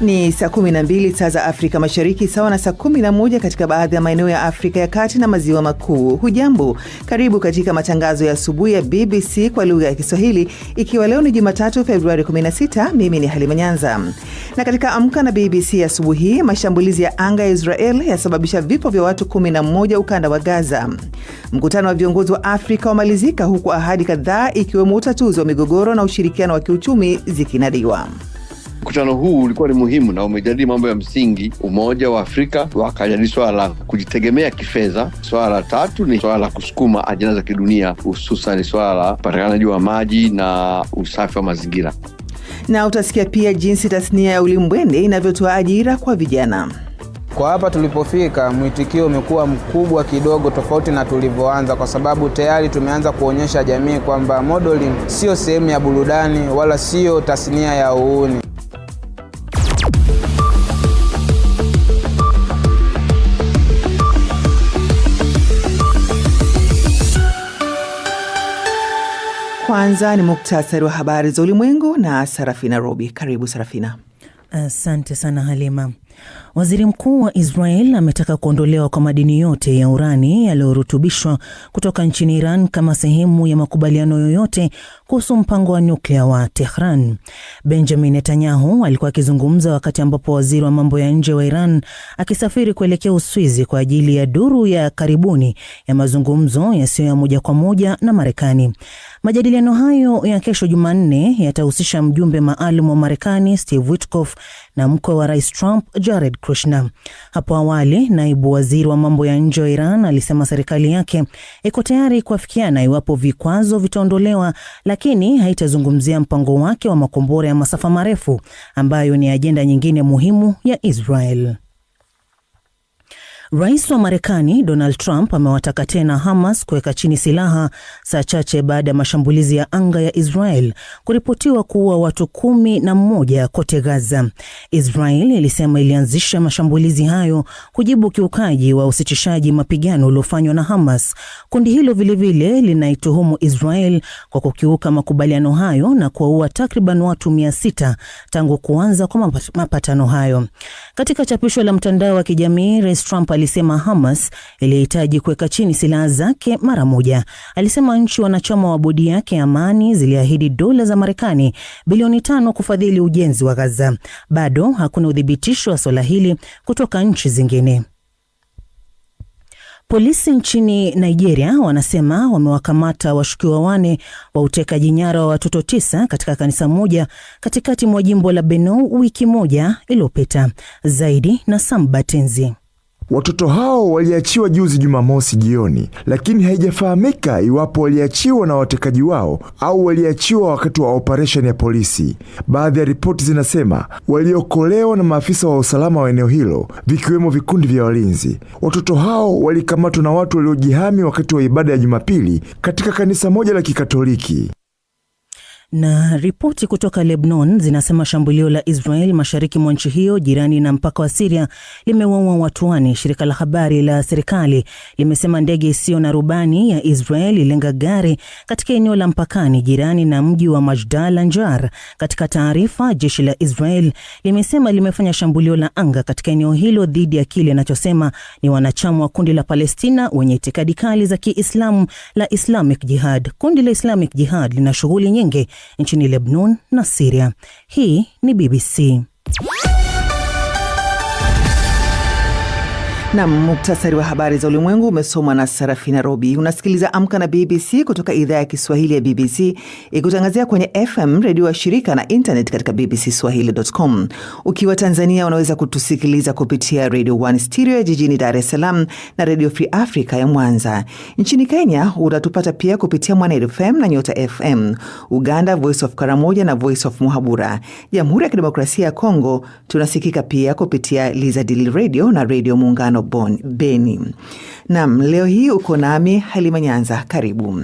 Ni saa 12 saa za Afrika Mashariki, sawa na saa 11 katika baadhi ya maeneo ya Afrika ya Kati na Maziwa Makuu. Hujambo, karibu katika matangazo ya asubuhi ya BBC kwa lugha ya Kiswahili, ikiwa leo ni Jumatatu Februari 16. Mimi ni Halima Nyanza, na katika Amka na BBC asubuhi hii, mashambulizi ya anga ya Israel yasababisha vifo vya watu 11 ukanda wa Gaza. Mkutano wa viongozi wa Afrika wamalizika huku ahadi kadhaa ikiwemo utatuzi wa migogoro na ushirikiano wa kiuchumi zikinadiwa. Mkutano huu ulikuwa ni muhimu na umejadili mambo ya msingi, umoja wa Afrika, wakajadili swala la kujitegemea kifedha. Swala la tatu ni swala la kusukuma ajenda za kidunia, hususan swala la upatikanaji wa maji na usafi wa mazingira. Na utasikia pia jinsi tasnia ya ulimbwende inavyotoa ajira kwa vijana. Kwa hapa tulipofika, mwitikio umekuwa mkubwa kidogo, tofauti na tulivyoanza, kwa sababu tayari tumeanza kuonyesha jamii kwamba modeling sio sehemu ya burudani wala sio tasnia ya uuni. Kwanza ni muktasari wa habari za ulimwengu na Sarafina Robi. Karibu Sarafina. Asante sana Halima. Waziri Mkuu wa Israel ametaka kuondolewa kwa madini yote ya urani yaliyorutubishwa kutoka nchini Iran kama sehemu ya makubaliano yoyote kuhusu mpango wa nyuklia wa Tehran. Benjamin Netanyahu alikuwa akizungumza wakati ambapo waziri wa mambo ya nje wa Iran akisafiri kuelekea Uswizi kwa ajili ya duru ya karibuni ya mazungumzo yasiyo ya moja kwa moja na Marekani. Majadiliano hayo ya kesho Jumanne yatahusisha mjumbe maalum wa Marekani Steve Witkoff na mkwe wa Rais Trump Jared Krishna. Hapo awali, naibu waziri wa mambo ya nje wa Iran alisema serikali yake iko tayari kuafikiana iwapo vikwazo vitaondolewa, lakini haitazungumzia mpango wake wa makombora ya masafa marefu ambayo ni ajenda nyingine muhimu ya Israel. Rais wa Marekani Donald Trump amewataka tena Hamas kuweka chini silaha saa chache baada ya mashambulizi ya anga ya Israel kuripotiwa kuua watu kumi na mmoja kote Gaza. Israel ilisema ilianzisha mashambulizi hayo kujibu ukiukaji wa usitishaji mapigano uliofanywa na Hamas. Kundi hilo vilevile linaituhumu Israel kwa kukiuka makubaliano hayo na kuwaua takriban watu mia sita tangu kuanza kwa mapatano hayo. Katika chapisho la mtandao wa kijamii, Rais Trump alisema Hamas ilihitaji kuweka chini silaha zake mara moja. Alisema nchi wanachama wa bodi yake ya amani ziliahidi dola za Marekani bilioni tano kufadhili ujenzi wa Gaza. Bado hakuna uthibitisho wa swala hili kutoka nchi zingine. Polisi nchini Nigeria wanasema wamewakamata washukiwa wane wa utekaji nyara wa watoto tisa katika kanisa moja katikati mwa jimbo la Benue wiki moja iliyopita. Zaidi na Sam Batenzi. Watoto hao waliachiwa juzi Jumamosi jioni, lakini haijafahamika iwapo waliachiwa na watekaji wao au waliachiwa wakati wa operesheni ya polisi. Baadhi ya ripoti zinasema waliokolewa na maafisa wa usalama wa eneo hilo, vikiwemo vikundi vya walinzi. Watoto hao walikamatwa na watu waliojihami wakati wa ibada ya Jumapili katika kanisa moja la Kikatoliki. Na ripoti kutoka lebnon zinasema shambulio la Israel mashariki mwa nchi hiyo jirani na mpaka wa Siria limewaua watu wane Shirika la habari la serikali limesema ndege isiyo na rubani ya Israel ilenga gari katika eneo la mpakani jirani na mji wa Majdal Anjar. Katika taarifa, jeshi la Israel limesema limefanya shambulio la anga katika eneo hilo dhidi ya kile inachosema ni wanachama wa kundi la Palestina wenye itikadi kali za Kiislamu la Islamic Jihad. Kundi la Islamic Jihad lina shughuli nyingi nchini Lebanon na siria Hii ni BBC. Nam, muktasari wa habari za ulimwengu umesomwa na Sarafina Robi. Unasikiliza Amka na BBC kutoka idhaa ya Kiswahili ya BBC ikutangazia kwenye FM redio ya shirika na intnet katika bbc swahilicom Ukiwa Tanzania unaweza kutusikiliza kupitia Radio One Stereo ya jijini Dar es Salaam na Radio Free Africa ya Mwanza. Nchini Kenya utatupata pia kupitia mwanafm na Nyota FM. Uganda, Voice of Karamoja na Voice of Muhabura. Jamhuri ya Kidemokrasia ya Kongo tunasikika pia kupitia lizadil Radio na Radio Muungano Boni, Beni. Naam, leo hii uko nami Halima Nyanza, karibu.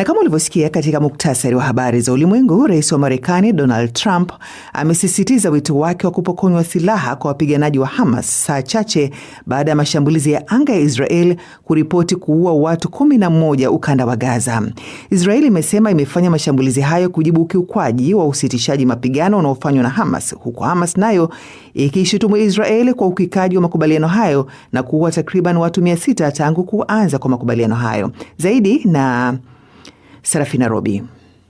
Na kama ulivyosikia katika muktasari wa habari za ulimwengu, rais wa Marekani Donald Trump amesisitiza wito wake wa kupokonywa silaha kwa wapiganaji wa Hamas saa chache baada ya mashambulizi ya anga ya Israel kuripoti kuua watu 11 ukanda wa Gaza. Israel imesema imefanya mashambulizi hayo kujibu ukiukwaji wa usitishaji mapigano unaofanywa na Hamas, huku Hamas nayo ikishutumu Israel kwa ukikaji wa makubaliano hayo na kuua takriban watu 600 tangu kuanza kwa makubaliano hayo. Zaidi na Sarafina Robi.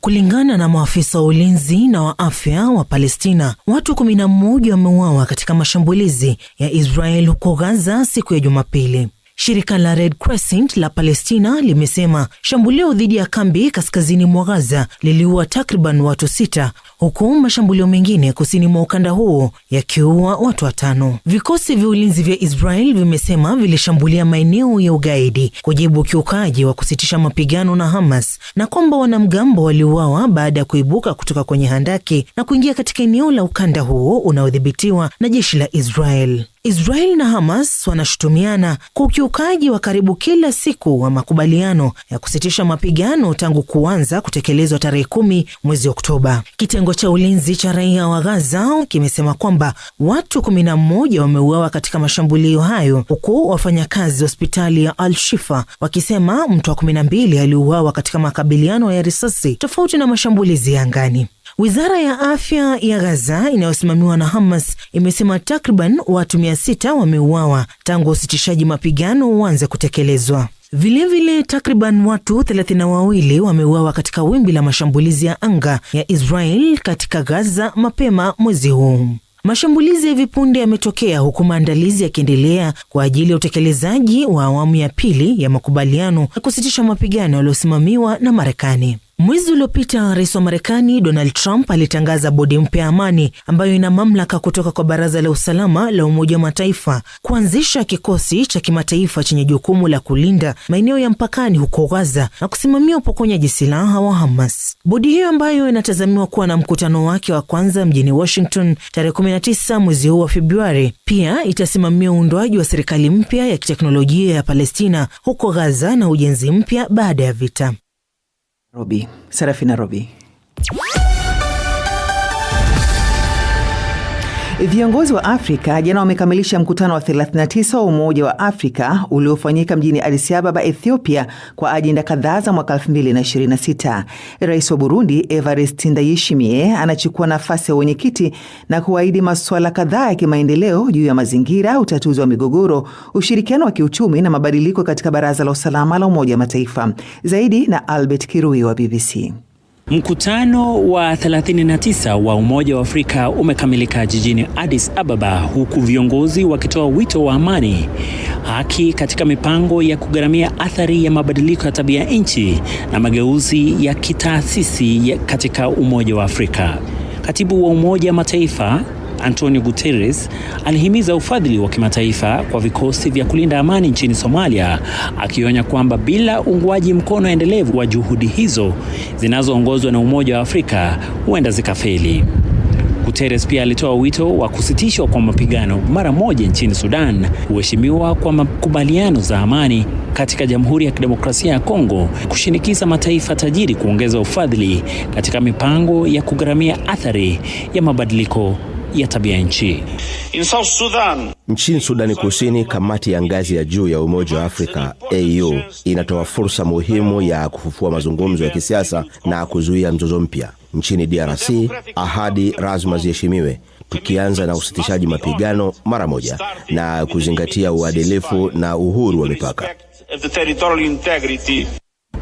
Kulingana na maafisa wa ulinzi na wa afya wa Palestina, watu 11 wameuawa katika mashambulizi ya Israel huko Gaza siku ya Jumapili. Shirika la Red Crescent la Palestina limesema shambulio dhidi ya kambi kaskazini mwa Gaza liliua takriban watu sita huku mashambulio mengine kusini mwa ukanda huo yakiua watu watano. Vikosi vya ulinzi vya Israel vimesema vilishambulia maeneo ya ugaidi kujibu ukiukaji wa kusitisha mapigano na Hamas na kwamba wanamgambo waliuawa baada ya kuibuka kutoka kwenye handaki na kuingia katika eneo la ukanda huo unaodhibitiwa na jeshi la Israel. Israel na Hamas wanashutumiana kwa ukiukaji wa karibu kila siku wa makubaliano ya kusitisha mapigano tangu kuanza kutekelezwa tarehe kumi mwezi Oktoba. Kitengo cha ulinzi cha raia wa Gaza kimesema kwamba watu kumi na mmoja wameuawa katika mashambulio hayo, huku wafanyakazi wa hospitali ya Al Shifa wakisema mtu wa kumi na mbili aliuawa katika makabiliano ya risasi tofauti na mashambulizi ya angani. Wizara ya afya ya Gaza inayosimamiwa na Hamas imesema takriban watu mia sita wameuawa tangu usitishaji mapigano uanze kutekelezwa. Vilevile, takriban watu thelathini na wawili wameuawa katika wimbi la mashambulizi ya anga ya Israel katika Gaza mapema mwezi huu. Mashambulizi ya hivi punde yametokea huku maandalizi yakiendelea kwa ajili ya utekelezaji wa awamu ya pili ya makubaliano ya kusitisha mapigano yaliyosimamiwa na Marekani. Mwezi uliopita rais wa Marekani Donald Trump alitangaza bodi mpya ya amani ambayo ina mamlaka kutoka kwa Baraza la Usalama la Umoja wa Mataifa kuanzisha kikosi cha kimataifa chenye jukumu la kulinda maeneo ya mpakani huko Gaza na kusimamia upokonyaji silaha wa Hamas. Bodi hiyo ambayo inatazamiwa kuwa na mkutano wake wa kwanza mjini Washington tarehe 19 mwezi huu wa Februari, pia itasimamia uundwaji wa serikali mpya ya kiteknolojia ya Palestina huko Gaza na ujenzi mpya baada ya vita. Ruby. Serafina Ruby. Viongozi wa Afrika jana wamekamilisha mkutano wa 39 wa Umoja wa Afrika uliofanyika mjini Addis Ababa, Ethiopia, kwa ajenda kadhaa za mwaka 2026. Rais wa Burundi Evariste Ndayishimiye anachukua nafasi ya wenyekiti na kuahidi masuala kadhaa ya kimaendeleo juu ya mazingira, utatuzi wa migogoro, ushirikiano wa kiuchumi na mabadiliko katika Baraza la Usalama la Umoja wa Mataifa. Zaidi na Albert Kirui wa BBC. Mkutano wa 39 wa Umoja wa Afrika umekamilika jijini Addis Ababa huku viongozi wakitoa wito wa amani, haki katika mipango ya kugharamia athari ya mabadiliko ya tabia nchi na mageuzi ya kitaasisi katika Umoja wa Afrika. Katibu wa Umoja Mataifa Antonio Guterres alihimiza ufadhili wa kimataifa kwa vikosi vya kulinda amani nchini Somalia, akionya kwamba bila uungwaji mkono endelevu wa juhudi hizo zinazoongozwa na Umoja wa Afrika huenda zikafeli. Guterres pia alitoa wito wa kusitishwa kwa mapigano mara moja nchini Sudan, kuheshimiwa kwa makubaliano za amani katika Jamhuri ya Kidemokrasia ya Kongo, kushinikiza mataifa tajiri kuongeza ufadhili katika mipango ya kugharamia athari ya mabadiliko ya tabia nchi. In South Sudan, nchini Sudani Kusini, kamati ya ngazi ya juu ya Umoja wa Afrika AU inatoa fursa muhimu ya kufufua mazungumzo ya kisiasa na kuzuia mzozo mpya. Nchini DRC, ahadi lazima ziheshimiwe tukianza na usitishaji mapigano mara moja na kuzingatia uadilifu na uhuru wa mipaka.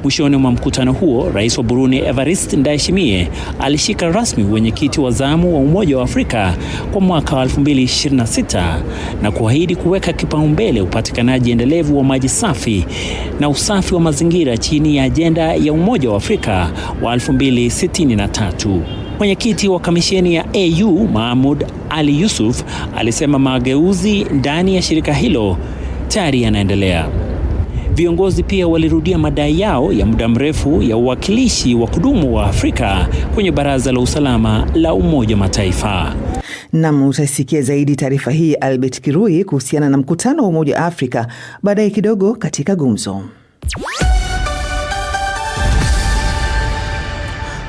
Mwishoni mwa mkutano huo, Rais wa Burundi Evariste Ndayishimiye alishika rasmi wenyekiti wa zamu wa Umoja wa Afrika kwa mwaka wa 2026 na kuahidi kuweka kipaumbele upatikanaji endelevu wa maji safi na usafi wa mazingira chini ya ajenda ya Umoja wa Afrika wa 2063. Mwenyekiti wa kamisheni ya AU Mahmoud Ali Yusuf alisema mageuzi ndani ya shirika hilo tayari yanaendelea. Viongozi pia walirudia madai yao ya muda mrefu ya uwakilishi wa kudumu wa Afrika kwenye Baraza la Usalama la Umoja Mataifa. Nam utaisikia zaidi taarifa hii Albert Kirui kuhusiana na mkutano wa Umoja wa Afrika baadaye kidogo katika gumzo.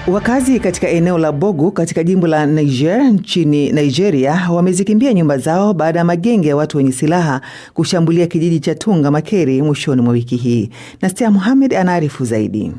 Wakazi katika eneo la Bogu katika jimbo la Niger nchini Nigeria wamezikimbia nyumba zao baada ya magenge ya watu wenye silaha kushambulia kijiji cha Tunga Makeri mwishoni mwa wiki hii. Nastia Muhamed anaarifu zaidi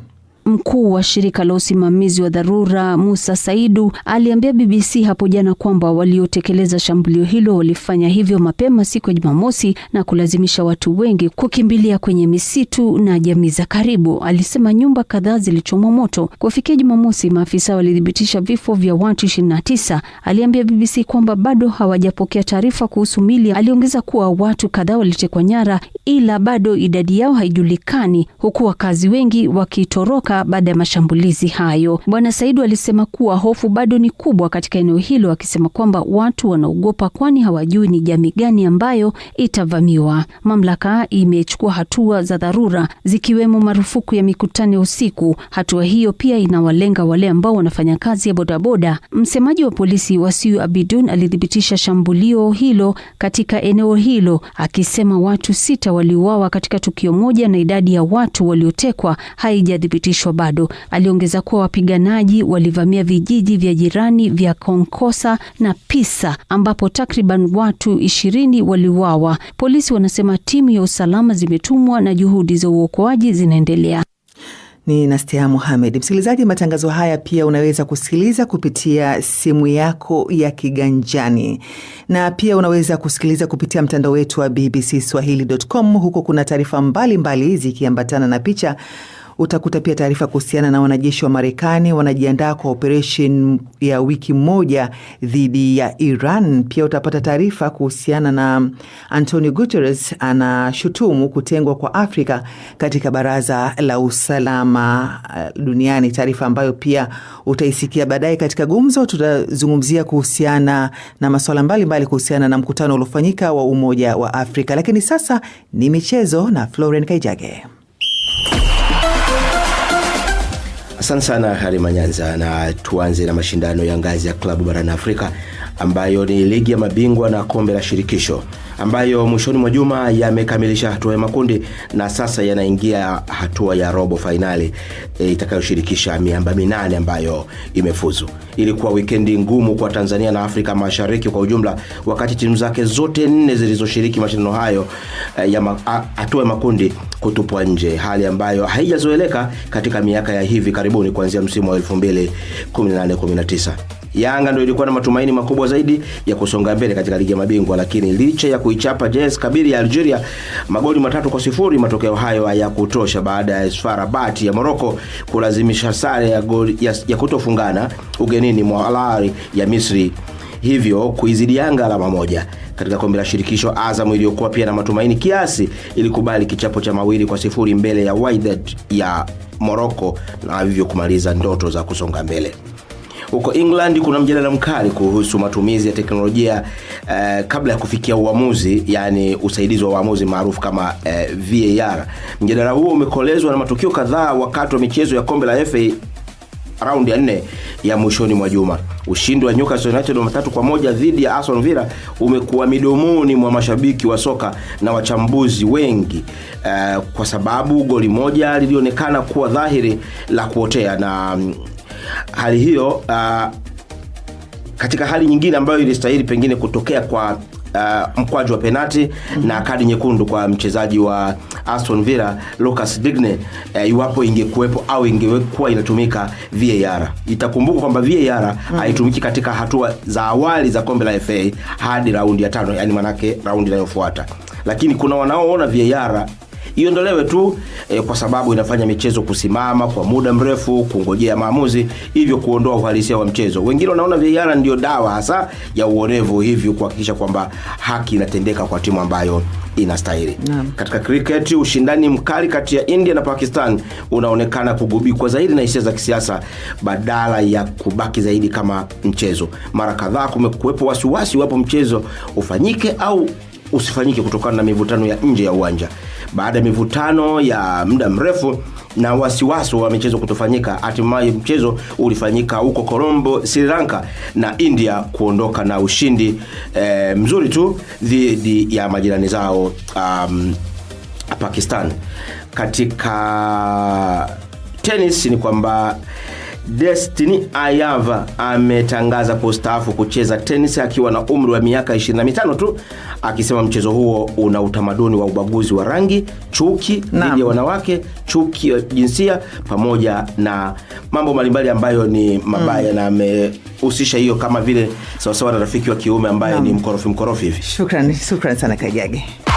mkuu wa shirika la usimamizi wa dharura Musa Saidu aliambia BBC hapo jana kwamba waliotekeleza shambulio hilo walifanya hivyo mapema siku ya Jumamosi na kulazimisha watu wengi kukimbilia kwenye misitu na jamii za karibu. Alisema nyumba kadhaa zilichomwa moto. Kufikia Jumamosi, maafisa walithibitisha vifo vya watu 29. Aliambia BBC kwamba bado hawajapokea taarifa kuhusu mili. Aliongeza kuwa watu kadhaa walitekwa nyara, ila bado idadi yao haijulikani, huku wakazi wengi wakitoroka baada ya mashambulizi hayo. Bwana Saidu alisema kuwa hofu bado ni kubwa katika eneo hilo, akisema kwamba watu wanaogopa, kwani hawajui ni jamii gani ambayo itavamiwa. Mamlaka imechukua hatua za dharura, zikiwemo marufuku ya mikutano ya usiku. Hatua hiyo pia inawalenga wale ambao wanafanya kazi ya bodaboda. Msemaji wa polisi Wasiu Abidun alithibitisha shambulio hilo katika eneo hilo, akisema watu sita waliuawa katika tukio moja na idadi ya watu waliotekwa haijathibitishwa kuthibitishwa bado. Aliongeza kuwa wapiganaji walivamia vijiji vya jirani vya Konkosa na Pisa ambapo takriban watu ishirini waliuawa. Polisi wanasema timu ya usalama zimetumwa na juhudi za uokoaji zinaendelea. Ni Nastia Mohamed. Msikilizaji, matangazo haya pia unaweza kusikiliza kupitia simu yako ya kiganjani, na pia unaweza kusikiliza kupitia mtandao wetu wa bbcswahili.com. Huko kuna taarifa mbalimbali zikiambatana na picha utakuta pia taarifa kuhusiana na wanajeshi wa Marekani wanajiandaa kwa operation ya wiki moja dhidi ya Iran. Pia utapata taarifa kuhusiana na Antonio Guterres anashutumu kutengwa kwa Afrika katika Baraza la Usalama uh, Duniani, taarifa ambayo pia utaisikia baadaye katika gumzo. Tutazungumzia kuhusiana na masuala mbalimbali kuhusiana na mkutano uliofanyika wa Umoja wa Afrika, lakini sasa ni michezo na Florence Kaijage. Asante sana Halima Nyanza, na tuanze na mashindano ya ngazi ya klabu barani Afrika ambayo ni ligi ya mabingwa na kombe la shirikisho ambayo mwishoni mwa juma yamekamilisha hatua ya makundi na sasa yanaingia hatua ya robo fainali e, itakayoshirikisha miamba minane ambayo imefuzu. Ilikuwa wikendi ngumu kwa Tanzania na Afrika Mashariki kwa ujumla, wakati timu zake zote nne zilizoshiriki mashindano hayo e, ya hatua ya makundi kutupwa nje, hali ambayo haijazoeleka katika miaka ya hivi karibuni kuanzia msimu wa 2018 Yanga ndo ilikuwa na matumaini makubwa zaidi ya kusonga mbele katika ligi ya mabingwa, lakini licha ya kuichapa JS Kabiri ya Algeria magoli matatu kwa sifuri. Matokeo hayo kutosha baada ya Sfarabati ya, ya Morocco kulazimisha sare ya, ya, ya kutofungana ugenini mwa Al Ahly ya Misri hivyo kuizidi Yanga alama moja. Katika kombe la shirikisho, Azamu iliyokuwa pia na matumaini kiasi ilikubali kichapo cha mawili kwa sifuri mbele ya Wydad ya Morocco na hivyo kumaliza ndoto za kusonga mbele. Huko England kuna mjadala mkali kuhusu matumizi ya teknolojia uh, kabla ya kufikia uamuzi, yani usaidizi wa uamuzi maarufu kama uh, eh, VAR. Mjadala huo umekolezwa na matukio kadhaa wakati wa michezo ya kombe la FA raundi ya nne ya mwishoni mwa juma. Ushindi wa Newcastle United wa matatu kwa moja dhidi ya Aston Villa umekuwa midomoni mwa mashabiki wa soka na wachambuzi wengi uh, kwa sababu goli moja lilionekana kuwa dhahiri la kuotea na mm, hali hiyo uh, katika hali nyingine ambayo ilistahili pengine kutokea kwa Uh, mkwaju wa penati mm -hmm. na mhm. kadi nyekundu kwa mchezaji wa Aston Villa Lucas Digne uh, iwapo ingekuwepo au ingekuwa inatumika VAR. Itakumbuka kwamba VAR mm haitumiki -hmm. katika hatua za awali za kombe la FA hadi raundi ya tano, yani manake raundi inayofuata, lakini kuna wanaoona VAR iondolewe tu e, kwa sababu inafanya michezo kusimama kwa muda mrefu kungojea maamuzi, hivyo kuondoa uhalisia wa mchezo. Wengine wanaona VAR ndio dawa hasa ya uonevu, hivyo kuhakikisha kwamba haki inatendeka kwa timu ambayo inastahili. Katika cricket ushindani mkali kati ya India na Pakistan unaonekana kugubikwa zaidi na hisia za kisiasa badala ya kubaki zaidi kama mchezo. Mara kadhaa kumekuwepo wasiwasi iwapo mchezo ufanyike au usifanyike kutokana na mivutano ya nje ya uwanja baada ya mivutano ya muda mrefu na wasiwasi wa michezo kutofanyika, hatimaye mchezo ulifanyika huko Colombo, Sri Lanka na India kuondoka na ushindi e, mzuri tu dhidi ya majirani zao um, Pakistan. Katika tenis ni kwamba Destiny Ayava ametangaza kustaafu kucheza tenisi akiwa na umri wa miaka 25 tu, akisema mchezo huo una utamaduni wa ubaguzi wa rangi, chuki dhidi ya wanawake, chuki ya jinsia, pamoja na mambo mbalimbali ambayo ni mabaya mm. na amehusisha hiyo kama vile sawasawa na rafiki wa kiume ambaye Naam. ni mkorofi mkorofi hivi. Shukrani, shukrani sana Kajage.